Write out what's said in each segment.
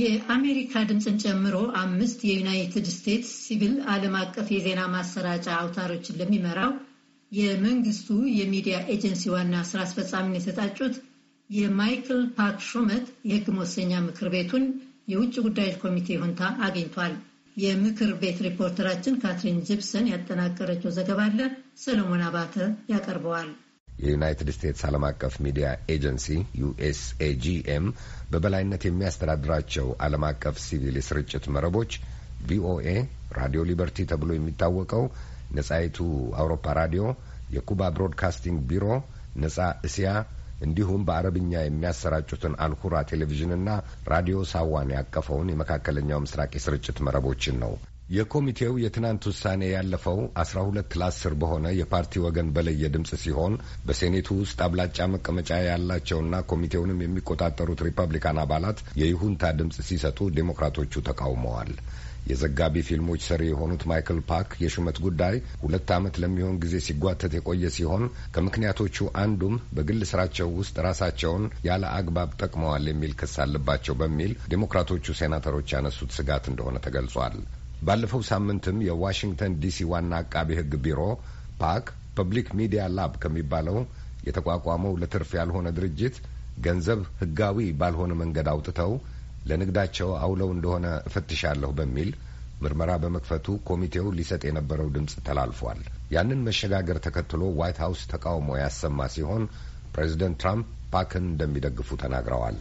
የአሜሪካ ድምፅን ጨምሮ አምስት የዩናይትድ ስቴትስ ሲቪል ዓለም አቀፍ የዜና ማሰራጫ አውታሮችን ለሚመራው የመንግስቱ የሚዲያ ኤጀንሲ ዋና ስራ አስፈጻሚን የተጣጩት የማይክል ፓክ ሹመት የህግ መወሰኛ ምክር ቤቱን የውጭ ጉዳዮች ኮሚቴ ይሁንታ አግኝቷል። የምክር ቤት ሪፖርተራችን ካትሪን ጂፕሰን ያጠናቀረችው ዘገባ አለ። ሰለሞን አባተ ያቀርበዋል። የዩናይትድ ስቴትስ ዓለም አቀፍ ሚዲያ ኤጀንሲ ዩኤስኤጂኤም በበላይነት የሚያስተዳድራቸው ዓለም አቀፍ ሲቪል የስርጭት መረቦች ቪኦኤ፣ ራዲዮ ሊበርቲ ተብሎ የሚታወቀው ነጻይቱ አውሮፓ ራዲዮ፣ የኩባ ብሮድካስቲንግ ቢሮ፣ ነጻ እስያ እንዲሁም በአረብኛ የሚያሰራጩትን አልሁራ ቴሌቪዥንና ራዲዮ ሳዋን ያቀፈውን የመካከለኛው ምስራቅ የስርጭት መረቦችን ነው። የኮሚቴው የትናንት ውሳኔ ያለፈው 12 ለ በሆነ የፓርቲ ወገን በለየ ድምፅ ሲሆን በሴኔቱ ውስጥ አብላጫ መቀመጫ ያላቸውና ኮሚቴውንም የሚቆጣጠሩት ሪፐብሊካን አባላት የይሁንታ ድምፅ ሲሰጡ ዴሞክራቶቹ ተቃውመዋል። የዘጋቢ ፊልሞች ሰሪ የሆኑት ማይክል ፓክ የሹመት ጉዳይ ሁለት ዓመት ለሚሆን ጊዜ ሲጓተት የቆየ ሲሆን ከምክንያቶቹ አንዱም በግል ስራቸው ውስጥ ራሳቸውን ያለ አግባብ ጠቅመዋል የሚል ክስ አለባቸው በሚል ዴሞክራቶቹ ሴናተሮች ያነሱት ስጋት እንደሆነ ተገልጿል። ባለፈው ሳምንትም የዋሽንግተን ዲሲ ዋና አቃቤ ሕግ ቢሮ ፓክ ፐብሊክ ሚዲያ ላብ ከሚባለው የተቋቋመው ለትርፍ ያልሆነ ድርጅት ገንዘብ ሕጋዊ ባልሆነ መንገድ አውጥተው ለንግዳቸው አውለው እንደሆነ እፈትሻለሁ በሚል ምርመራ በመክፈቱ ኮሚቴው ሊሰጥ የነበረው ድምፅ ተላልፏል። ያንን መሸጋገር ተከትሎ ዋይት ሀውስ ተቃውሞ ያሰማ ሲሆን ፕሬዚደንት ትራምፕ ፓክን እንደሚደግፉ ተናግረዋል።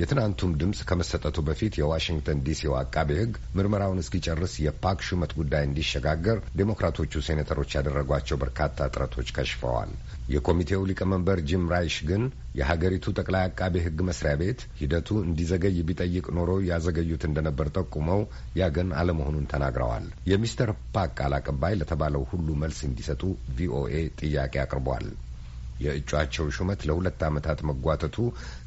የትናንቱም ድምፅ ከመሰጠቱ በፊት የዋሽንግተን ዲሲው አቃቤ ሕግ ምርመራውን እስኪጨርስ የፓክ ሹመት ጉዳይ እንዲሸጋገር ዴሞክራቶቹ ሴኔተሮች ያደረጓቸው በርካታ ጥረቶች ከሽፈዋል። የኮሚቴው ሊቀመንበር ጂም ራይሽ ግን የሀገሪቱ ጠቅላይ አቃቤ ሕግ መስሪያ ቤት ሂደቱ እንዲዘገይ ቢጠይቅ ኖሮ ያዘገዩት እንደነበር ጠቁመው ያ ግን አለመሆኑን ተናግረዋል። የሚስተር ፓክ ቃል አቀባይ ለተባለው ሁሉ መልስ እንዲሰጡ ቪኦኤ ጥያቄ አቅርቧል። የእጩአቸው ሹመት ለሁለት ዓመታት መጓተቱ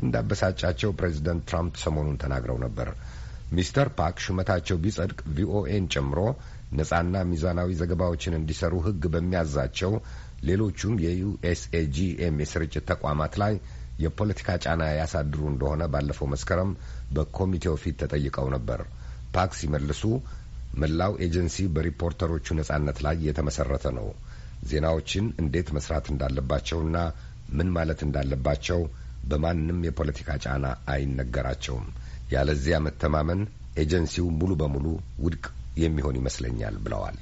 እንዳበሳጫቸው ፕሬዚደንት ትራምፕ ሰሞኑን ተናግረው ነበር። ሚስተር ፓክ ሹመታቸው ቢጸድቅ ቪኦኤን ጨምሮ ነጻና ሚዛናዊ ዘገባዎችን እንዲሰሩ ሕግ በሚያዛቸው ሌሎቹም የዩኤስኤጂኤም የስርጭት ተቋማት ላይ የፖለቲካ ጫና ያሳድሩ እንደሆነ ባለፈው መስከረም በኮሚቴው ፊት ተጠይቀው ነበር። ፓክ ሲመልሱ መላው ኤጀንሲ በሪፖርተሮቹ ነጻነት ላይ የተመሰረተ ነው ዜናዎችን እንዴት መስራት እንዳለባቸውና ምን ማለት እንዳለባቸው በማንም የፖለቲካ ጫና አይነገራቸውም። ያለዚያ መተማመን ኤጀንሲው ሙሉ በሙሉ ውድቅ የሚሆን ይመስለኛል ብለዋል።